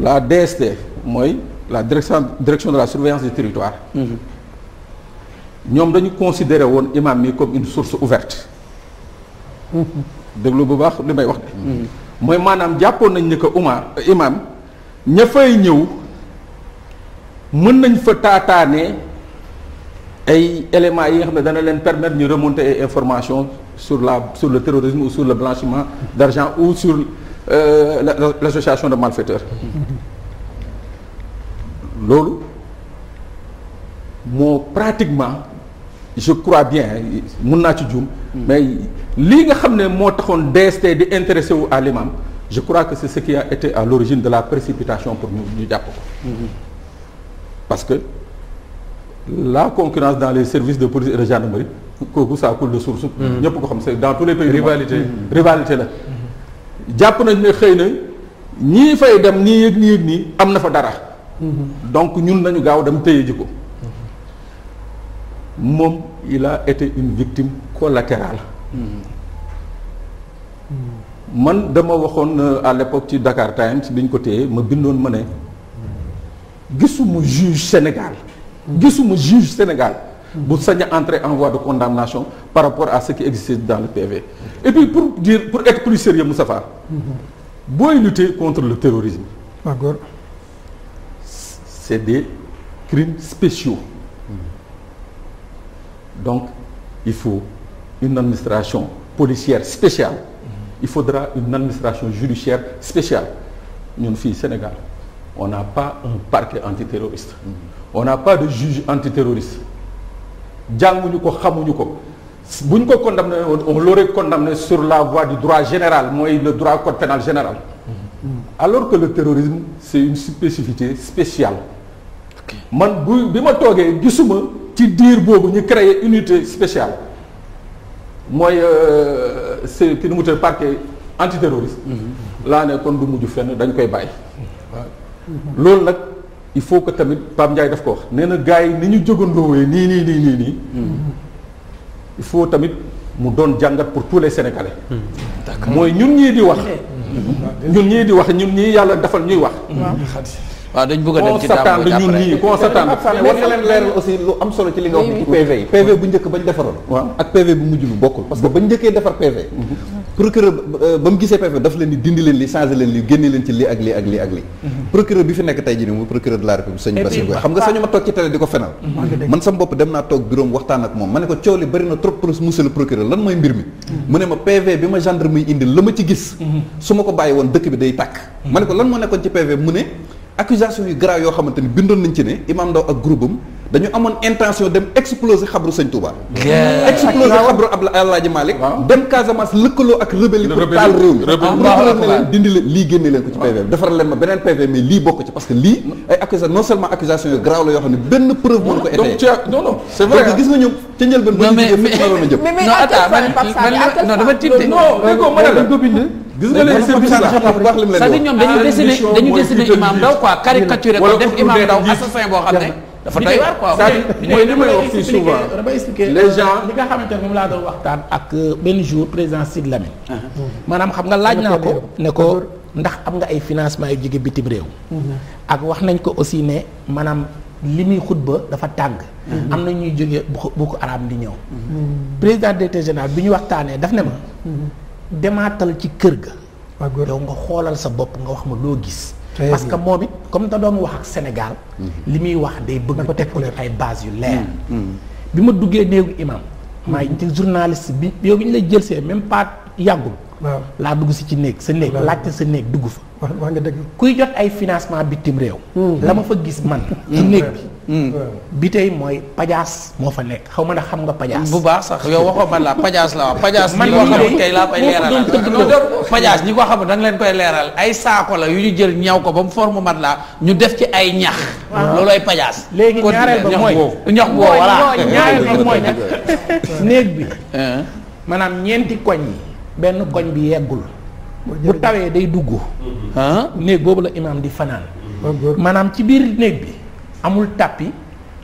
la DST mooy la direction direction de la surveillance du territoire. ñoom dañu considéré woon imaam mi comme une source ouverte. déglu bu baax li may wax de. mooy maanaam jàppoon nañ ni que uma imam ña fay ñëw mën nañ fa taataane ay éléments yi nga xam ne dana leen permettre ñu remonter information sur la sur le terrorisme ou sur le blanchiment d'argent ou sur. Euh, l'association de malfaiteurs loolu moo pratiquement je crois bien mun naa ci juum mais lii nga xam ne moo taxoon DST di intéressé wu à l'imam je crois que c'est ce qui a été à l'origine de la précipitation pour ñu ñu jàpp ko parce que la concurrence dans les services de police et de gendarmerie kooku ça coule de source mm-hmm. ñëpp ko xam c'est dans tous les pays rivalité rivalité la jàpp nañ ne xëy na ñii fay dem ñii yëg ñii yëg nii am na fa dara. Mhm. donc ñun nañu gaaw dem téye ji ko. Mhm. moom il a été une victime collatérale. Mhm. man dama waxoon euh, à l'époque ci Dakar Times bi ñu ko téye ma bindoon ma ne gisuma juge Sénégal. gisuma juge Sénégal. bu sañ a entrer en voie de condamnation par rapport à ce qui existait dans le PV et puis pour dire pour être plus sérieux Moustapha booy lutter contre le terrorisme d'accord c'est des crimes spéciaux donc il faut une administration policière spéciale il faudra une administration judiciaire spéciale ñun fii Sénégal on n'a pas un parquet antiterroriste on n'a pas de juge antiterroriste jànguñu ko xamuñu ko bu ñu ko condamné on l'aurait ne sur la voie du droit général mooy le droit code pénal général mm-hmm. alors que le terrorisme c'est une spécificité spéciale man bu bi ma toogee gisuma ci diir boobu ñu créer unité spéciale mooy euh, c'est ki nu mu tudd parquet antiterroriste mm-hmm. laa ne kon du mujj fenn dañ koy bàyyi mm-hmm. loolu nag il faut que tamit Pape Ndiaye daf ko wax nee na gars yi ni ñu jógandoowee nii nii nii nii nii il faut tamit mu doon jàngat pour tous les Sénégalais mooy ñun ñii di wax ñun ñii di wax ñun ñii yàlla defal ñuy wax waaw dañ bëgg a dem ci daaw bi ñun lii kon sataan war na leen leeral aussi lu am solo ci li nga wax ci PV bu njëkk bañ defaroon ak PV bu mujj bi bokkul parce que bañ njëkkee defar PV mhm. procureur euh, ba mu gisee PV daf leen di dindi leen li changé leen li génne leen ci li ak lii ak lii ak lii mhm. procureur bi fi nekk tey jii nii mu procureur de la République sëñ Bassirou mhm. bopp dem naa toog bureau am waxtaan ak moom ma ne ko coow li bëri na trop pour monsieur le procureur lan mooy mbir mi mu ne ma PV bi ma gendarme yi indi la ma ci gis su ma ko bàyyi woon dëkk bi day tàkk ma ko lan moo nekkoon ci PV mu ne accusation yu grave yoo xamante ni bindoon nañ ci ne Imam Ndao ak groupe dañu amoon intention dem exploser xabru sëñ Touba. exploser xabru Abla Alaaji Malick dem Casamance lëkkaloo ak rebelle pour taal réew mi ne dindi leen lii génne leen ko ci PV bi leen ma beneen PV mais lii bokk ci parce que lii ay accusation non seulement accusation yu garaaw la yoo xam ne benn preuve mënu ko étayé non non c'est vrai donc gis nga ñoom ca njëlbeen dafa tiit non mën dañ ko bind gis ko def imam daw assassin boo dafa doy waar quoi mooy li may wax euh, li nga xamante ne moom laa doon waxtaan ak euh, benn jour président Sid Lamine ah. maanaam xam nga laaj naa ko ne ko ndax am nga ay financement yu jóge bitim réew mm-hmm. ak wax nañ ko aussi ne maanaam li muy xutba dafa tàng mm-hmm. am na ñuy jóge bu ko araam di ñëw mm-hmm. président directeur général bi ñu waxtaanee daf ne ma demaatal ci kër ga yow nga xoolal sa bopp nga wax ma loo gis parce que moom it comme da doon wax ak Sénégal. Mhm. li muy wax day bëgg ko teg ay base yu leer. Mhm. Mhm. bi ma duggee néegu imam. maay journaliste bi yow bi ñu lay jël see même pas yàggul. laa dugg si ci néeg sa néeg laajte sa néeg dugg fa wax nga dëgg kuy jot ay financement bitim réew dama hmm. fa gis man hmm. ci néeg hmm. bi bi tey mooy pajaas moo fa nekk xaw ma ne xam nga pajaas bu baax sax yow waxoo man la pajaas la wax pajaas man ñi ko xamul kay laa leen koy leeral ay saako la yu ñu jël ñaw ko ba mu forme mat la ñu def ci ay ñax ah. loolu ay pajaas léegi ñaareel ba mooy boobu voilà ñaareel ba mooy néeg bi maanaam ñeenti koñ yi benn koñ bi yeggul bu tawee day dugg mhm. ah néeg boobu la imaam di fanaan maanaam ci biir néeg bi amul tappi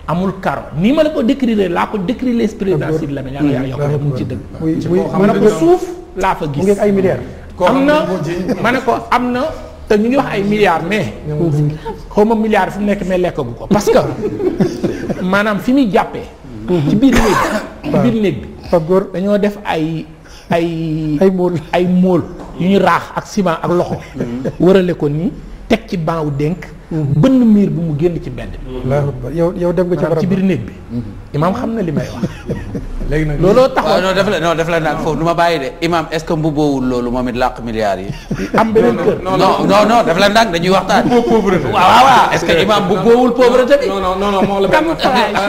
amul karo nii ma la ko décrire laa ko décrire présidentiel la yàlla yàlla yokk rek mu ci dëgg ma ne ko am na ma ne ko am na te ñu ngi wax ay milliards mais xaw ma milliards fu mu nekk mais lekkagu ko parce que maanaam fi muy jàppee mhm. ci biir néeg bi ci biir néeg bi dañoo def ay ay. ay mool ay mool yu ñu raax ak ciment ak loxo. Mm-hmm. wërale ko nii teg ci ban wu dénk. Mm-hmm. bënn miir bi mu génn ci mbedd bi yow yow dem nga ci barab ci biir néeg bi mm-hmm. imaam xam na li may wax léegi nag looloo tax non def la non def la naan foofu nu ma bàyyi de imaam est-ce que mbuboowul loolu moom it làq milliards yi am beneen kër non non non dañuy waxtaan mbuboo pauvreté waaw waaw waaw est-ce que imaam mbuboowul la benn attends ah, ah,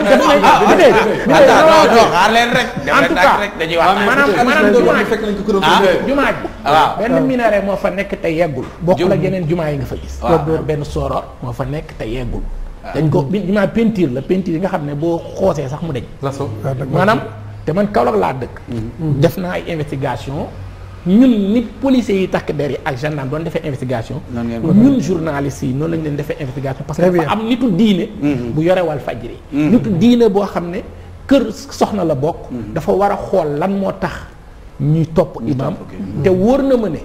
ah, non non xaar leen rek def la naan rek dañuy waxtaan maanaam jumaa jumaa ji waaw benn minaret moo fa nekk te yeggul bokk la geneen jumaa yi nga fa gis benn sooroor moo fa nekk te yeggul. Ah. dañ ko bi maa peinture la peinture yi nga xam ne boo xoosee sax mu deñ laso ah, maanaam te man Kaolack laa dëkk. Mm-hmm. def naa ay investigation ñun ni policiers yi takk der yi ak gendarme doon defee investigation. ñun journalistes yi noonu lañ leen defee investigation. parce que dafa am nitu diine. Mm-hmm. bu yore wal fajri. Mm-hmm. nitu diine boo xam ne kër soxna la bokk. dafa war a xool lan moo tax ñuy topp imam te wóor na ma ne.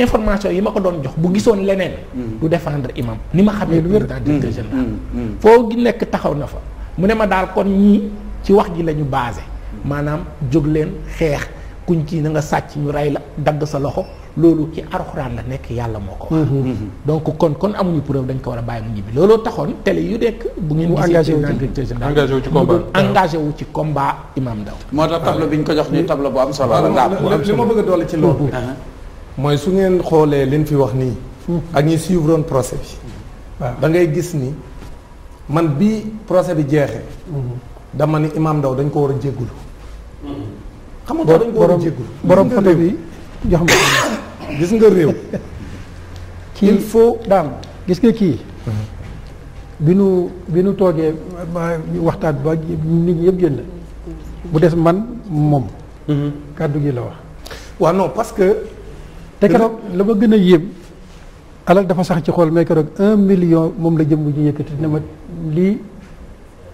information yi ma ko doon jox bu gisoon leneen. Mm. du défendre imam ni ma xamee lu wér. Mm. directeur général mm. foo gi nekk taxaw na fa mu ne ma daal kon ñii ci wax ji la ñu basé maanaam jóg leen xeex kuñ kii na nga sàcc ñu rey la dagg sa loxo loolu ci alxuraan la nekk yàlla moo ko wax. Mm-hmm. Mm-hmm. kon kon amuñu preuve dañ ko war a looloo taxoon télé yu nekk. bu ngeen gisee directeur général wu ci combat engagé wu moo tax tableau bi ko jox nii tableau bu am solo ah, a dolli mooy su ngeen xoolee liñ fi wax nii. ak ñi suivre woon procès bi. waaw da ngay gis ni man bi procès bi jeexee. Mhm. dama ni Imaam Ndao dañ ko war a jéggulu mhm. xam nga dañ ko war a jéggulu borom photo bi jox ma gis nga réew. kii il gis nga kii. Mhm. bi nu bi nu toogee waxtaan ba nit ñi yëpp génn. bu des man moom. kàddu gi la wax. waaw non parce te keroog la ma gën a yéem alal dafa sax ci xool mais keroog un million moom la jëm ñu yëkkati ne ma lii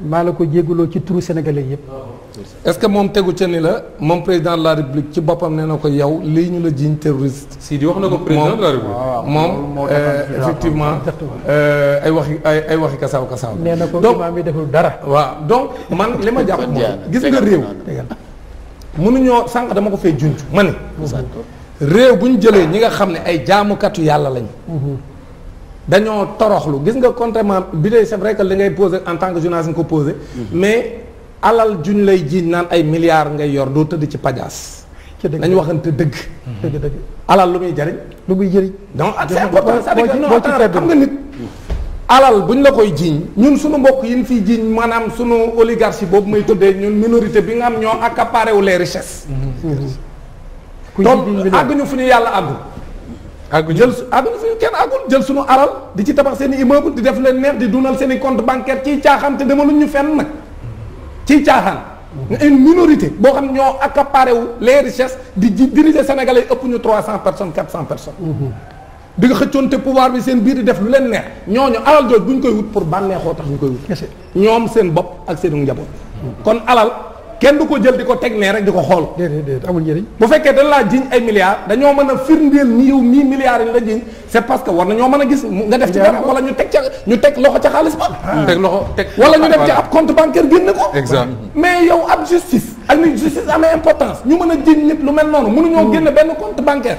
maa la ko jégaloo ci turu sénégalais yëpp. est-ce que moom tegu ca ni la moom président de la république ci boppam nee na ko yow lii ñu la jiiñ terroriste. si di wax na ko président de la république moom euh, effectivement euh, ay waxi ay ay waxi kasaaw kasaaw. nee na ko imaam yi deful dara. waaw donc man li ma jàpp mooy gis nga réew. mënuñoo sànq dama ko fee junj ma ni. réew bu ñu jëlee ñi nga xam ne ay jaamukatu yàlla lañ mhm. dañoo toroxlu gis nga contrairement bi day c'est vrai que li ngay posé en tant que journaliste nga ko posé mhm. mais alal juñ lay jiiñ naan ay milliards ngay yor doo tëdd ci pajaas nañ waxante dëgg mhm. dëgg dëgg alal lu muy jëriñ lu muy jëriñ donc c'est important xam nga nit alal buñ la koy jiiñ ñun suñu mbokk yi nu fiy jiiñ maanaam suñu oligarchie boobu may tuddee ñun minorité bi nga am ñoo accaparé wu les richesses donc àgguñu fu ñu yàlla àggul àgguñu jël àgguñu fu ñu kenn àggul jël suñu aral di ci tabax seen i di def leen neex di dunal seen i compte bancaire ciy caaxaan te demaluñ ñu fenn nag ci caaxaan nga mhm. une minorité boo xam ñoo accaparé wu les richesses di di diriger sénégalais ëpp ñu trois cent personnes quatre cent personnes mhm. di nga xëccoonte pouvoir bi seen biir di def lu leen neex ñooñu alal jooj bu ñu koy wut pour bànneexoo tax ñu koy wut ñoom seen bopp ak seen njaboot mhm. kon alal kenn du ko jël di ko teg nee rek di ko xool. déedéet bu fekkee dañ laa jiñ ay milliards dañoo mën a firndeel ni yow mii milliards la jiñ c' est parce que war nañoo mën a gis nga def ci dara wala ñu teg ca ñu teg loxo ca ah. wala ñu def ci ab compte bancaire génne ko. exactement mais yow ab justice. ak ni justice amee importance ñu mën a jiñ nit lu mel noonu. mënuñoo hmm. génne benn compte bancaire.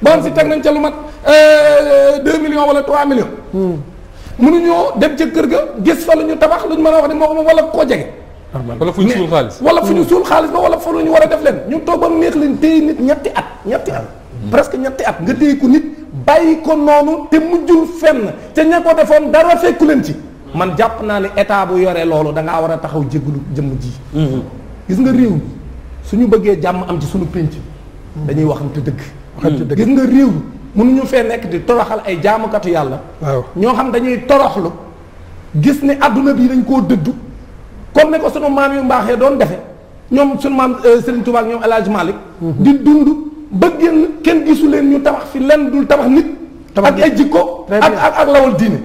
bon si teg nañ ca lu man 2 euh, millions wala 3 millions. Hmm. mënuñoo dem ca kër ga gis fa lu ñu tabax lu ñu mën a wax moo ko wala koo jege wala fu ñu suul xaalis wala fu ñu hmm. suul xaalis ba wala fa ñu war a def leen ñu toog ba neex leen téye nit ñetti at ñetti at hmm. presque ñetti at nga téye ko nit bàyyi ko noonu te mujjul fenn te ña ko defoon dara fekku leen ci man jàpp naa ne état bu yoree loolu da war a taxaw jéggalu jëmm ji hmm. gis nga réew mi suñu bëggee jàmm am ci suñu pénc dañuy waxante dëgg gis nga réew mënuñu fee nekk di toroxal ay jaamukatu yàlla ñoo xam dañuy toroxlu gis ne adduna bii dañ koo dëddu kon ne ko sunu maam yu mbaaxee doon defe ñoom sunu maam euh, Serigne Touba ak ñoom El Hadj Malick mhm. di dund ba génn kenn gisu leen ñu tabax fi lenn dul tabax nit ak ay jikko ak ak ak lawal diine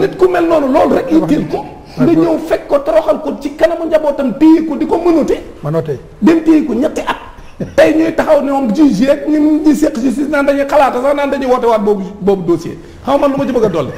nit ku mel noonu loolu rek yitteel ko nga ñëw fekk ko toroxal ko ci kanamu njabootam téye ko di ko mënute mënute dem téye ko ñetti at tey ñuy taxaw ne moom juge ak ñun ñi seq justice naan dañuy xalaata sax naan dañuy woote boobu boobu dossier xaw man lu ma ci bëgg dolli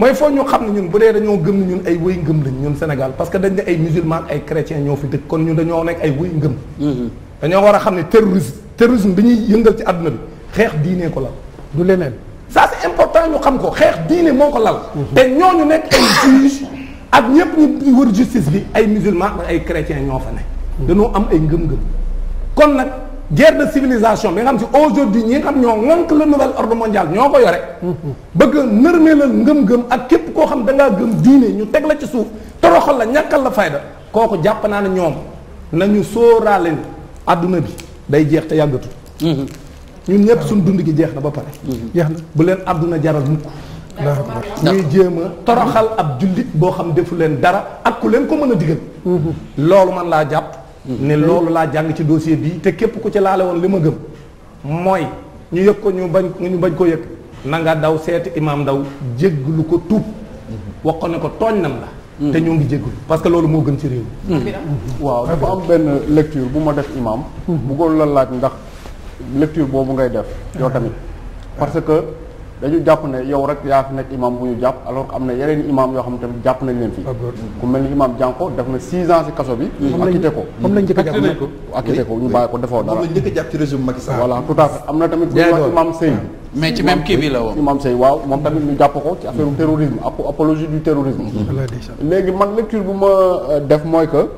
mooy foo ñu xam ne ñun bu dee dañoo gëm ne ñun ay wëy ngëm lañ ñun Sénégal parce que dañ ne ay musulman ay chrétien ñoo fi dëkk kon ñun dañoo nekk ay wëy ngëm mm-hmm. dañoo war a xam ne terrorisme terrorisme bi ñuy yëngal ci àdduna bi xeex diinee ko lal du leneen ça c'est important ñu xam ko xeex diine moo ko lal mm-hmm. te ñooñu nekk ay juge ak ñëpp ñu wër justice bi ay musulman ay chrétien ñoo fa ne mm-hmm. dañoo am ay ngëm-ngëm kon nag guerre de civilisation bi nga xam si aujourd'hui ñi nga xam ñoo ŋànk le nouvel ordre mondial ñoo ko yore bëgg nërmee la ngëm-ngëm ak képp koo xam da ngaa gëm diine ñu teg la ci suuf toroxal la ñàkkal la fayda kooku jàpp naa ne ñoom nañu sóoraale àdduna bi day jeex te yàggatu ñun ñëpp suñ dund gi jeex na ba pare jeex na bu leen àdduna jaral mukk ñuy jéem a toroxal ab jullit boo xam defu leen dara ak ku leen ko mën a digal mhm. loolu man laa jàpp ne loolu laa jàng ci dossier bii te képp ku ci laale woon li ma gëm mooy ñu yëg ko ñu bañ ñu bañ ko yëg na nga daw seeti imaam ndaw jégglu ko tuub wax ko ne ko tooñ nam la te ñoo ngi jégglu parce que loolu moo gën ci réew mi mm-hmm. Mm-hmm. waaw dafa am benn lecture bu ma def imaam mm-hmm. buggoon la laaj ndax lecture boobu ngay def yow tamit parce que dañu jàpp ne yow rek yaa fi nekk imam bu ñu jàpp alors am na yeneen imam yoo xam ne tamit jàpp nañ leen fii ku mel ni imam Jànko def na six ans si kaso bi acquitté ko moom a jàpp acquitté ko ñu bàyyi ko defoo dara moom lañ njëkk tout à fait am na tamit bu ñu wax imam Sey mais ci même kii bi imam Sey waaw moom tamit ñu jàpp ko ci affaire u terrorisme apologie du terrorisme léegi man lecture bu ma euh, def mooy que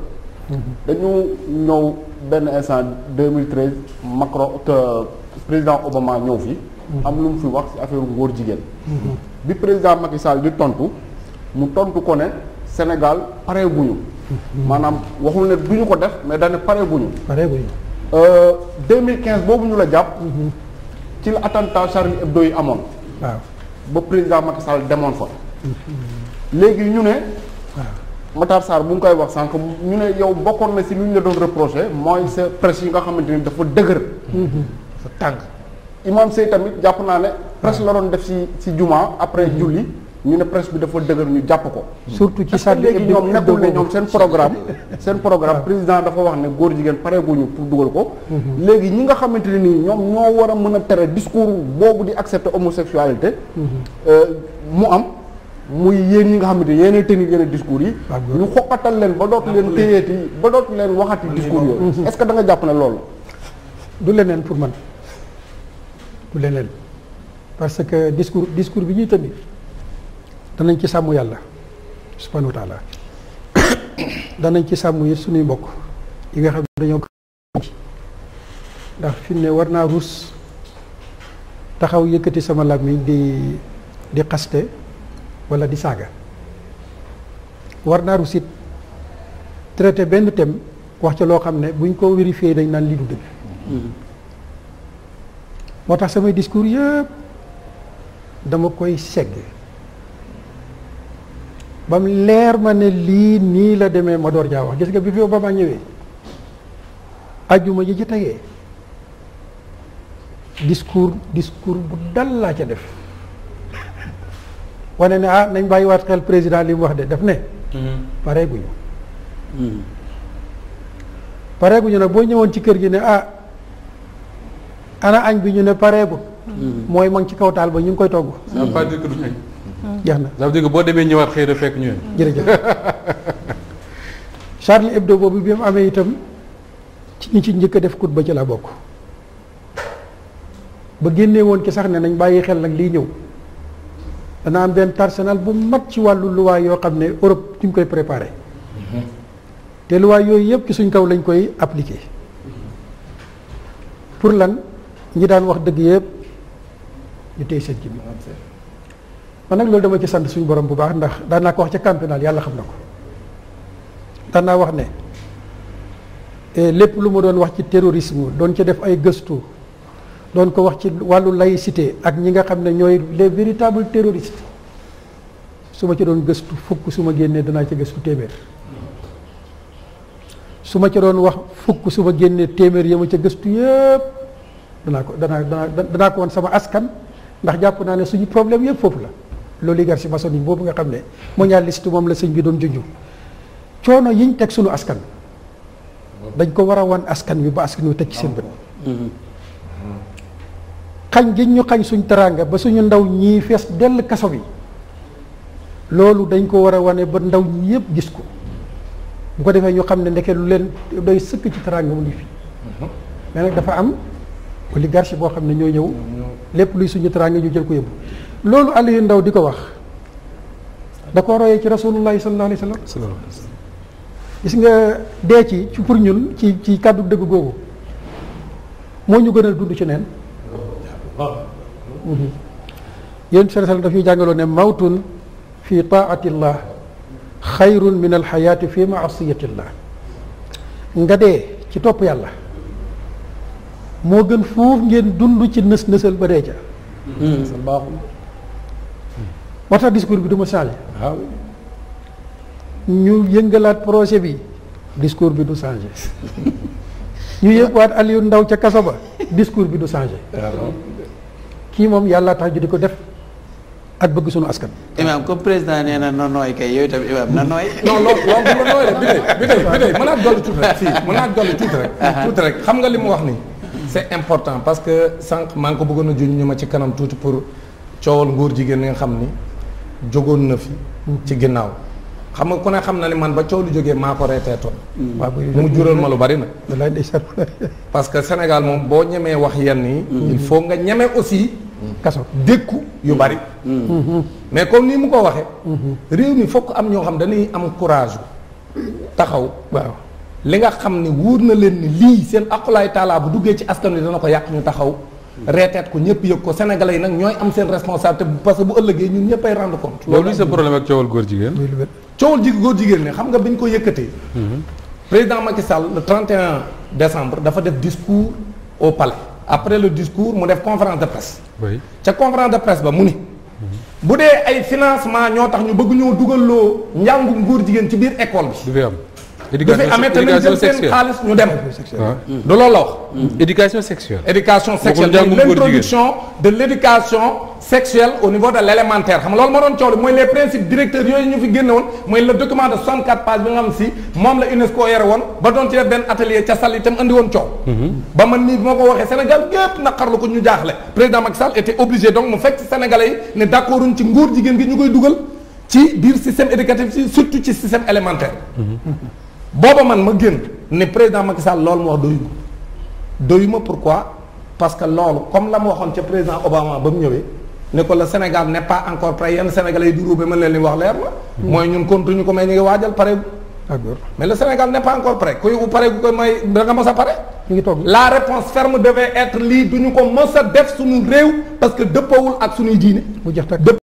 mhm. dañu ñëw benn instant 2013 Macron euh, président Obama ñëw fii am lu mu fi wax ci affaire ngóor jigéen. bi président Macky Sall di tontu mu tontu ko ne Sénégal pare bu ñu. maanaam waxul ne du ko def mais dañ paree pare bu ñu. pare bu ñu. boobu ñu la jàpp. ci la attentat Charlie Hebdo yi amoon. waaw ba président Macky Sall demoon fa. léegi ñu ne. Matar Sarr bu mu koy wax sànq ñu ne yow bokkoon na si lu ñu la doon reproché mooy sa presse yi nga xamante ni dafa dëgër. sa mm-hmm. tàng. imam Sey tamit jàpp naa ne presse la doon def ci ci juma après mhm. julli ñu ne presse bi dafa dëgër ñu jàpp ko. surtout ci sànni léegi ñoom nekkul ne ñoom seen programme. seen programme président dafa wax ne góor jigéen pareeguñu pour dugal ko. Mhm. léegi ñi nga xamante ne nii ñoom ñoo war a mën a tere discours boobu di accepter homosexualité. Mhm. Euh, mu am. muy yéen ñi nga xamante ne yéenay tenir yeneen discours yi. ñu xoqatal leen ba dootu leen téyeeti ba dootu leen waxati discours yooyu. est-ce que da nga jàpp loolu. du leneen pour man. du leneen parce que discours discours bi ñuy tamit danañ ci sàmm yàlla subhanahu wa taala danañ ci sàmm it suñuy mbokk yi nga xam ne dañoo ko ndax fi ne war naa ruus taxaw yëkkati sama làmmiñ di di xaste wala di saaga war naa ruus it traité benn tem wax ca loo xam ne buñ ko vérifié dañ naan lii du dëgg mm-hmm. moo tax samay discours yëpp dama koy segg ba mu leer ma ne lii nii la demee ma door jaa wax gis nga bi fi Obama ñëwee ajjuma ji ci tegee discours discours bu dal laa ca def wane ne ah nañ waat xel président li wax de def ne mhm. pareeguñu mhm. pareeguñu nag boo ñëwoon ci kër gi ne ah ana añ bi ñu ne paree pareegul. Hmm. mooy ma ci kaw taal ba ñu ngi koy togg. ça veut hmm. jeex na ça veut dire que boo demee ñëwaat xëy na fekk ñu jërëjëf Charlie Hebdo boobu bi mu amee itam ci ñi ci njëkk a def ba ci la bokk ba génnee woon ki sax ne nañ bàyyi xel nag lii ñëw dana am benn arsenal bu mat ci wàllu luwaa yoo xam ne Europe ñu koy préparé hmm. te luwaa yooyu yëpp suñ kaw lañ koy appliqué pour lan. ñi daan wax dëgg yëpp ñu tey seen gémmiñ man nag loolu dama ci sant suñu borom bu baax ndax daan naa ko wax ci campénal yàlla xam na ko daan naa wax ne eh, lépp lu ma doon wax ci terrorisme doon ca def ay gëstu doon ko wax ci wàllu laïcité ak ñi nga xam ne ñooy les véritables terroristes su ma ci doon gëstu fukk su ma génnee danaa ci gëstu téeméer su ma ci doon wax fukk su génnee téeméer ya ma ca gëstu yëpp danaa ko danaa danaa danaa ko woon sama askan ndax jàpp naa ne suñu problème yëpp foofu la loolu l'oligarchie maçonnique boobu nga xam ne mondialiste moom la sëñ bi doon junju coono yiñ teg suñu askan dañ ko war a wan askan wi ba askan wi ci seen bët xañ gi ñu xañ suñ teraanga ba suñu ndaw ñii fees dell kaso bi loolu dañ ko war a wane ba ndaw ñi yëpp gis ko bu ko defee ñu xam ne ndeke lu leen day sëkk ci teraanga mu ngi fi mais nag dafa am oligarchie boo xam ne ñoo ñëw lépp luy suñu teraanga ñu jël ko yóbbu loolu Aliou Ndaw di ko wax da ko royee ci rasulullahi sallallahu alayhi wa sallam gis nga dee ci ci pour ñun ci ci kàddu dëgg googu moo ñu gën a dund ci nen yéen sa sal daf ñuy jàngaloo ne mawtun fi taatillah xayrun min alxayaati fi maasiyatillah nga dee ci topp yàlla moo gën foofu ngeen dund ci nës nësal ba dee ca hmm. moo tax discours bi du ma changé waaw ñu yëngalaat projet bi discours bi du changé ñu yënguwaat Aliou Ndaw ca kaso ba discours bi du changé kii moom yàlla tax ju di ko def ak bëgg sunu askan. imaam comme président nee na na nooy kay yooyu tamit imaam na nooy. non non rek bi tey bi tey bi tey mën naa tuuti rek fii mën naa dolli tuuti rek xam nga li mu wax nii. c'est important parce que sànq maa ngi ko bëggoon a juñ ñu ma ci kanam tuuti pour coowal ngóor jigéen li nga xam ni jógoon na fi ci ginnaaw xam nga ku ne xam na ni man ba coow lu jógee maa ko reeteetoon mm. mu jural ma lu bari nag parce que Sénégal moom boo ñemee wax yenn yi mm. il faut nga ñeme aussi mm. kaso dékku yu bari mm-hmm. mais comme nii mu ko waxee mm-hmm. réew mi fokk am ñoo xam dañuy am courage taxaw waaw li nga xam ne wóor na leen ni lii seen aqulaay taalaa bu duggee ci askan wi dana ko yàq ñu taxaw reeteet ko ñëpp yëg ko sénégalais yi nag ñooy am seen responsabilité parce que bu ëllëgee ñun ñëpp ay rendre compte loolu sa problème ak coowal góor jigéen coowal ji góor jigéen ne xam nga bi ñu ko yëkkatee mm-hmm. président Macky Sall le 31 décembre dafa def discours au palais après le discours mu def conférence de presse ca conférence de presse ba mu ni bu dee ay financement ñoo tax ñu bëgg ñoo dugal loo njàngum góor jigéen ci biir école bi éducation amee tamit jël seen xaalis ñu dem. du loolu la wax. Hmm. éducation sexuelle. éducation sexuelle l'introduction de l'éducation sexuelle au niveau de l'élémentaire xam nga loolu moo doon coow mooy les principes directeurs yooyu ñu fi génne woon mooy le document de 64 pages bi nga xam si moom la UNESCO yore woon ba doon ci def benn atelier ca Sall itam andi woon coow. Hmm. ba man nii moo ko waxee Sénégal gépp naqarlu ko ñu jaaxle président Macky Sall était obligé donc mu fekk Sénégalais yi ne d'accord ci nguur jigéen gi ñu koy dugal. ci biir système éducatif ci surtout ci système élémentaire. Hmm. booba man ma génn ne président Macky Sall lool mu wax doyu ma doyu ma pourquoi parce que loolu comme la mu waxoon ca président Obama ba mu ñëwee ne ko la Sénégal n'est pas encore prêt yenn Sénégalais yi di ruube mën leen wax leer la mm. mooy ñun continuer ko mais ñu ngi waajal pare d'accord mais le Sénégal n'est pas encore prêt kuy pare gu ko mooy da nga mos a pare ñu ngi toog la réponse ferme devait être lii du ñu ko mos a def suñu réew parce que dëppawul ak suñuy diine mu jeex